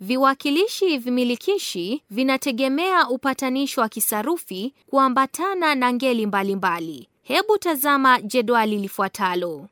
Viwakilishi vimilikishi vinategemea upatanisho wa kisarufi kuambatana na ngeli mbalimbali. Hebu tazama jedwali lifuatalo.